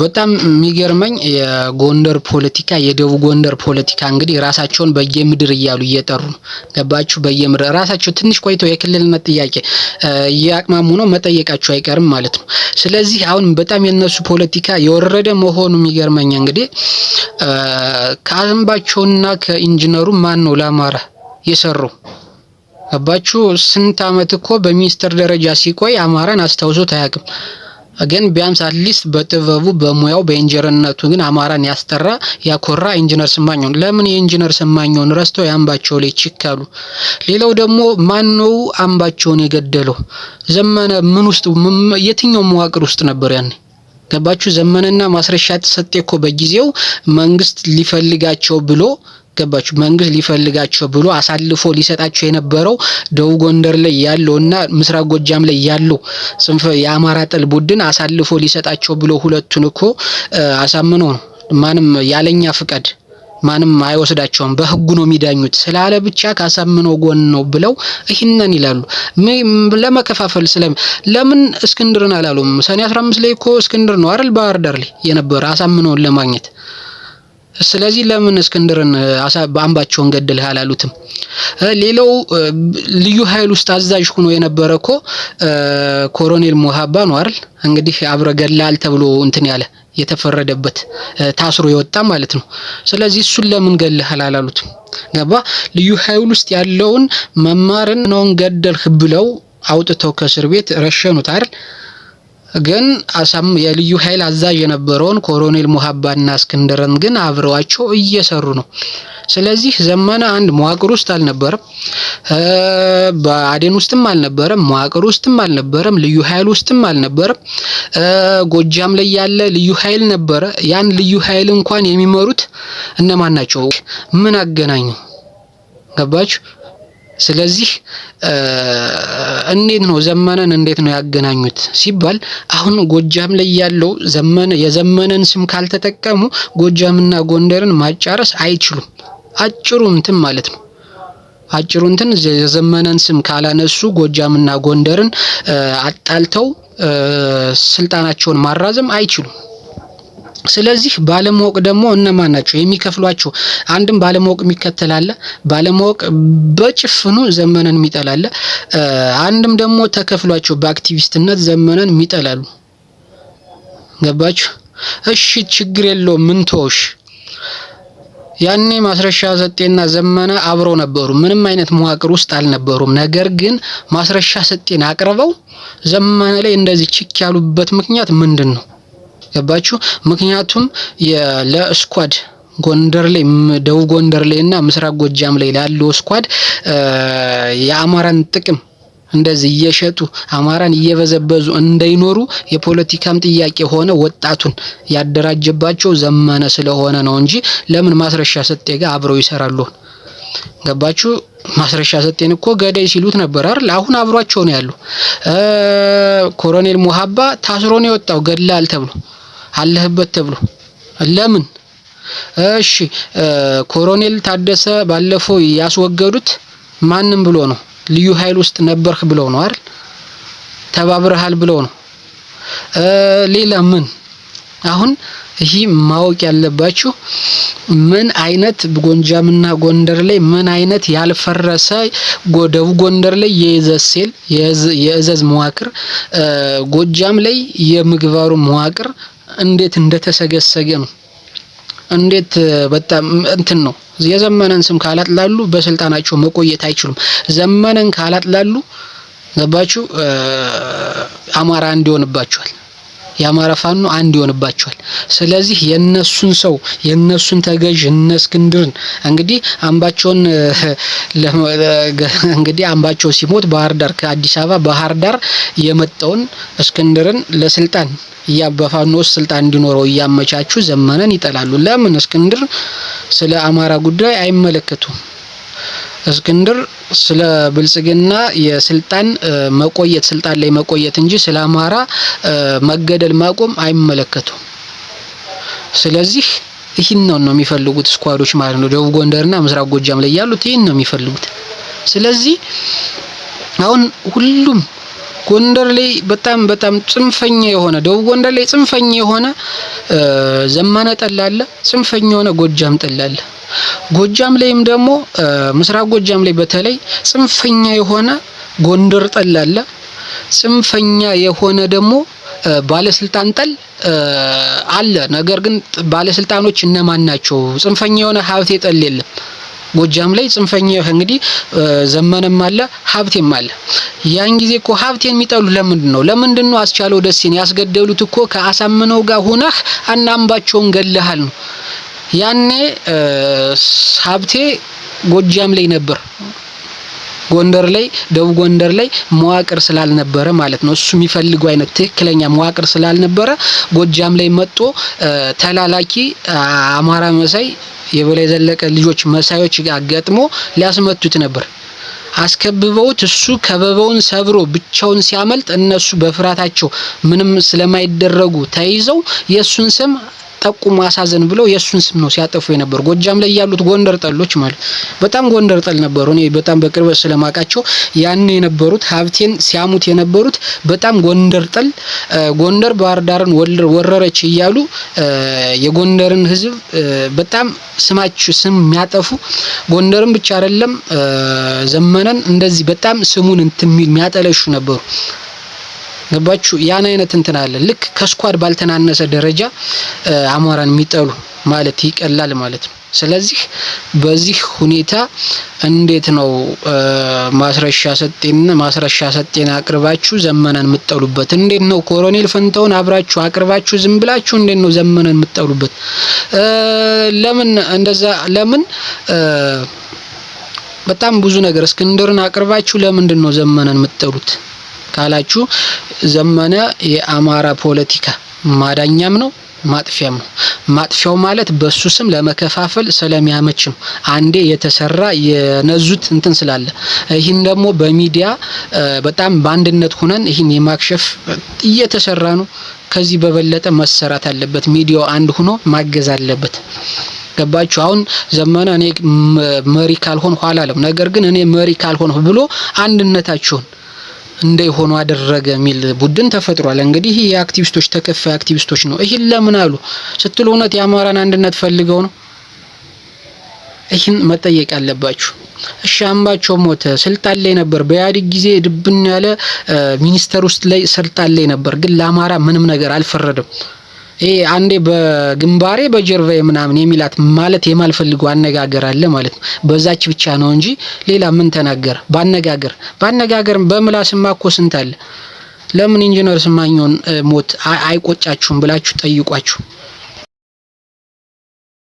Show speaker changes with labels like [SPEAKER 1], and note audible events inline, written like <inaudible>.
[SPEAKER 1] በጣም የሚገርመኝ የጎንደር ፖለቲካ የደቡብ ጎንደር ፖለቲካ እንግዲህ ራሳቸውን በየምድር እያሉ እየጠሩ ገባችሁ? በየምድር ራሳቸው ትንሽ ቆይተው የክልልነት ጥያቄ እያቅማሙ ነው፣ መጠየቃቸው አይቀርም ማለት ነው። ስለዚህ አሁን በጣም የነሱ ፖለቲካ የወረደ መሆኑ የሚገርመኝ እንግዲህ ከአምባቸውና ከኢንጂነሩ ማን ነው ለአማራ የሰሩ ገባችሁ? ስንት አመት እኮ በሚኒስትር ደረጃ ሲቆይ አማራን አስታውሶት አያውቅም። ግን ቢያንስ አትሊስት በጥበቡ በሙያው በኢንጂነርነቱ ግን አማራን ያስጠራ ያኮራ ኢንጂነር ስማኝ ነው። ለምን የኢንጂነር ስመኘውን ረስተው የአምባቸው ላይ ችካሉ? ሌላው ደግሞ ማን ነው አምባቸውን የገደለው? ዘመነ ምን ውስጥ የትኛው መዋቅር ውስጥ ነበር ያኔ? ገባችሁ? ዘመነና ማስረሻ ተሰጤ እኮ በጊዜው መንግስት ሊፈልጋቸው ብሎ ገባችሁ? መንግስት ሊፈልጋቸው ብሎ አሳልፎ ሊሰጣቸው የነበረው ደቡብ ጎንደር ላይ ያለው እና ምስራቅ ጎጃም ላይ ያለው ስንፈ የአማራ ጥል ቡድን አሳልፎ ሊሰጣቸው ብሎ ሁለቱን እኮ አሳምኖ ነው። ማንም ያለኛ ፍቃድ ማንም አይወስዳቸውም። በህጉ ነው የሚዳኙት ስላለ ብቻ ካሳምኖ ጎን ነው ብለው ይህንን ይላሉ። ለመከፋፈል ስለ ለምን እስክንድርን አላሉም? ሰኔ 15 ላይ እኮ እስክንድር ነው አይደል ባህር ዳር ላይ የነበረ አሳምኖን ለማግኘት ስለዚህ ለምን እስክንድርን አምባቸውን ገድልህ አላሉትም? ሌላው ልዩ ኃይል ውስጥ አዛዥ ሆኖ የነበረ እኮ ኮሎኔል ሞሃባ ነው አይደል? እንግዲህ አብረ ገላል ተብሎ እንትን ያለ የተፈረደበት ታስሮ የወጣ ማለት ነው። ስለዚህ እሱን ለምን ገድልህ አላሉትም? ገባ ልዩ ኃይል ውስጥ ያለውን መማርን ነውን ገደልህ ብለው አውጥተው ከእስር ቤት ረሸኑት አይደል? ግን የልዩ ኃይል አዛዥ የነበረውን ኮሎኔል ሙሀባና እስክንድርን ግን አብረዋቸው እየሰሩ ነው። ስለዚህ ዘመነ አንድ መዋቅር ውስጥ አልነበረም፣ በአዴን ውስጥም አልነበረም፣ መዋቅር ውስጥም አልነበረም፣ ልዩ ኃይል ውስጥም አልነበረም። ጎጃም ላይ ያለ ልዩ ኃይል ነበረ። ያን ልዩ ኃይል እንኳን የሚመሩት እነማን ናቸው? ምን አገናኙ? ገባችሁ? ስለዚህ እንዴት ነው ዘመነን እንዴት ነው ያገናኙት ሲባል አሁን ጎጃም ላይ ያለው ዘመነ የዘመነን ስም ካልተጠቀሙ ጎጃምና ጎንደርን ማጫረስ አይችሉም። አጭሩ እንትን ማለት ነው። አጭሩ እንትን የዘመነን ስም ካላነሱ ጎጃምና ጎንደርን አጣልተው ስልጣናቸውን ማራዘም አይችሉም። ስለዚህ ባለማወቅ ደግሞ እነማን ናቸው የሚከፍሏቸው? አንድም ባለማወቅ የሚከተላለ ባለማወቅ በጭፍኑ ዘመነን የሚጠላ አንድም ደግሞ ተከፍሏቸው በአክቲቪስትነት ዘመነን የሚጠላሉ። ገባችሁ? እሺ ችግር የለውም ምንቶሽ ያኔ ማስረሻ ሰጤና ዘመነ አብረው ነበሩ። ምንም አይነት መዋቅር ውስጥ አልነበሩም። ነገር ግን ማስረሻ ሰጤን አቅርበው ዘመነ ላይ እንደዚህ ችክ ያሉበት ምክንያት ምንድን ነው? ገባችሁ? ምክንያቱም ለስኳድ ጎንደር ላይ ደቡብ ጎንደር ላይ እና ምስራቅ ጎጃም ላይ ላለው ስኳድ የአማራን ጥቅም እንደዚህ እየሸጡ አማራን እየበዘበዙ እንዳይኖሩ የፖለቲካም ጥያቄ ሆነ ወጣቱን ያደራጀባቸው ዘመነ ስለሆነ ነው እንጂ ለምን ማስረሻ ሰጤ ጋር አብረው ይሰራሉ? ገባችሁ? ማስረሻ ሰጤን እኮ ገዳይ ሲሉት ነበር አይደል? አሁን አብሯቸው ነው ያሉ። ኮሎኔል ሙሀባ ታስሮ ነው የወጣው ገላል ተብሎ አለህበት ተብሎ ለምን? እሺ ኮሎኔል ታደሰ ባለፈው ያስወገዱት ማንም ብሎ ነው? ልዩ ኃይል ውስጥ ነበርክ ብለው ነው አይደል? ተባብረሃል ብለው ነው። ሌላ ምን? አሁን ይህ ማወቅ ያለባችሁ ምን አይነት ጎንጃምና ጎንደር ላይ ምን አይነት ያልፈረሰ ደቡብ ጎንደር ላይ የእዘዝ ሴል የእዘዝ መዋቅር፣ ጎጃም ላይ የምግባሩ መዋቅር እንዴት እንደተሰገሰገ ነው። እንዴት በጣም እንትን ነው። የዘመነን ስም ካላጥላሉ በስልጣናቸው መቆየት አይችሉም። ዘመነን ካላጥላሉ ገባችሁ፣ አማራ እንዲሆንባቸዋል የአማራ ፋኖ አንድ ይሆንባቸዋል። ስለዚህ የነሱን ሰው የነሱን ተገዥ እነ እስክንድርን እንግዲህ አምባቸውን <laughs> እንግዲህ አምባቸው ሲሞት ባህር ዳር ከአዲስ አበባ ባህር ዳር የመጣውን እስክንድርን ለስልጣን በፋኖ ውስጥ ስልጣን እንዲኖረው እያመቻቹ ዘመነን ይጠላሉ። ለምን? እስክንድር ስለ አማራ ጉዳይ አይመለከቱም። እስክንድር ስለ ብልጽግና የስልጣን መቆየት ስልጣን ላይ መቆየት እንጂ ስለ አማራ መገደል ማቆም አይመለከቱም። ስለዚህ ይህን ነው ነው የሚፈልጉት ስኳዶች ማለት ነው። ደቡብ ጎንደርና ምስራቅ ጎጃም ላይ ያሉት ይህን ነው የሚፈልጉት። ስለዚህ አሁን ሁሉም ጎንደር ላይ በጣም በጣም ጽንፈኛ የሆነ ደቡብ ጎንደር ላይ ጽንፈኛ የሆነ ዘመነ ጠል አለ። ጽንፈኛ የሆነ ጎጃም ጠል አለ። ጎጃም ላይም ደግሞ ምስራቅ ጎጃም ላይ በተለይ ጽንፈኛ የሆነ ጎንደር ጠል አለ። ጽንፈኛ የሆነ ደግሞ ባለስልጣን ጠል አለ። ነገር ግን ባለስልጣኖች እነማን ናቸው? ጽንፈኛ የሆነ ሀብቴ ጠል የለም። ጎጃም ላይ ጽንፈኛ እንግዲህ ዘመነም አለ ሀብቴም አለ። ያን ጊዜ እኮ ሀብቴን የሚጠሉ ለምንድን ነው ለምንድን ነው አስቻለው ደሴን ያስገደሉት እኮ ከአሳምነው ጋር ሁነህ አናምባቸውን ገለሃል ነው። ያኔ ሀብቴ ጎጃም ላይ ነበር ጎንደር ላይ ደቡብ ጎንደር ላይ መዋቅር ስላልነበረ ማለት ነው። እሱ የሚፈልገው አይነት ትክክለኛ መዋቅር ስላልነበረ ጎጃም ላይ መጦ ተላላኪ አማራ መሳይ የበላይ ዘለቀ ልጆች መሳዮች ጋር ገጥሞ ሊያስመቱት ነበር። አስከብበውት እሱ ከበበውን ሰብሮ ብቻውን ሲያመልጥ እነሱ በፍርሃታቸው ምንም ስለማይደረጉ ተይዘው የእሱን ስም ጠቁሙ አሳዘን ብለው የእሱን ስም ነው ሲያጠፉ የነበሩ ጎጃም ላይ ያሉት ጎንደር ጠሎች ማለት በጣም ጎንደር ጠል ነበሩ። እኔ በጣም በቅርበት ስለማውቃቸው ያን የነበሩት ሀብቴን ሲያሙት የነበሩት በጣም ጎንደር ጠል ጎንደር ባህር ዳርን ወረረች እያሉ የጎንደርን ህዝብ በጣም ስማችሁ ስም የሚያጠፉ ጎንደርን ብቻ አይደለም ዘመነን እንደዚህ በጣም ስሙን እንትሚል የሚያጠለሹ ነበሩ። ገባችሁ? ያን አይነት እንትን አለ። ልክ ከስኳድ ባልተናነሰ ደረጃ አማራን የሚጠሉ ማለት ይቀላል ማለት ነው። ስለዚህ በዚህ ሁኔታ እንዴት ነው ማስረሻ ሰጤን ማስረሻ ሰጤን አቅርባችሁ ዘመናን የምጠሉበት? እንዴት ነው ኮሎኔል ፈንታውን አብራችሁ አቅርባችሁ ዝም ብላችሁ እንዴት ነው ዘመናን የምጠሉበት? ለምን እንደዛ ለምን በጣም ብዙ ነገር እስክንድርን አቅርባችሁ ለምንድን ነው ዘመናን የምጠሉት? ካላችሁ ዘመነ የአማራ ፖለቲካ ማዳኛም ነው ማጥፊያም ነው። ማጥፊያው ማለት በሱ ስም ለመከፋፈል ስለሚያመች ነው። አንዴ የተሰራ የነዙት እንትን ስላለ ይህን ደግሞ በሚዲያ በጣም በአንድነት ሁነን ይህን የማክሸፍ እየተሰራ ነው። ከዚህ በበለጠ መሰራት አለበት። ሚዲያው አንድ ሆኖ ማገዝ አለበት። ገባችሁ? አሁን ዘመነ እኔ መሪ ካልሆን ኋላ አለም ነገር ግን እኔ መሪ ካልሆን ብሎ አንድነታችሁን እንዳይሆኑ አደረገ የሚል ቡድን ተፈጥሯል። እንግዲህ ይህ የአክቲቪስቶች ተከፋይ አክቲቪስቶች ነው። ይህን ለምን አሉ ስትል እውነት የአማራን አንድነት ፈልገው ነው? ይህን መጠየቅ አለባችሁ። እሺ አምባቸው ሞተ ስልጣን ላይ ነበር። በኢህአዴግ ጊዜ ድብን ያለ ሚኒስተር ውስጥ ላይ ስልጣን ላይ ነበር፣ ግን ለአማራ ምንም ነገር አልፈረደም። ይሄ አንዴ በግንባሬ በጀርባ ምናምን የሚላት ማለት የማልፈልገው አነጋገር አለ ማለት ነው። በዛች ብቻ ነው እንጂ ሌላ ምን ተናገረ? ባነጋገር ባነጋገር በምላስማ እኮ ስንት አለ። ለምን ኢንጂነር ስመኘውን ሞት አይቆጫችሁም ብላችሁ ጠይቋችሁ።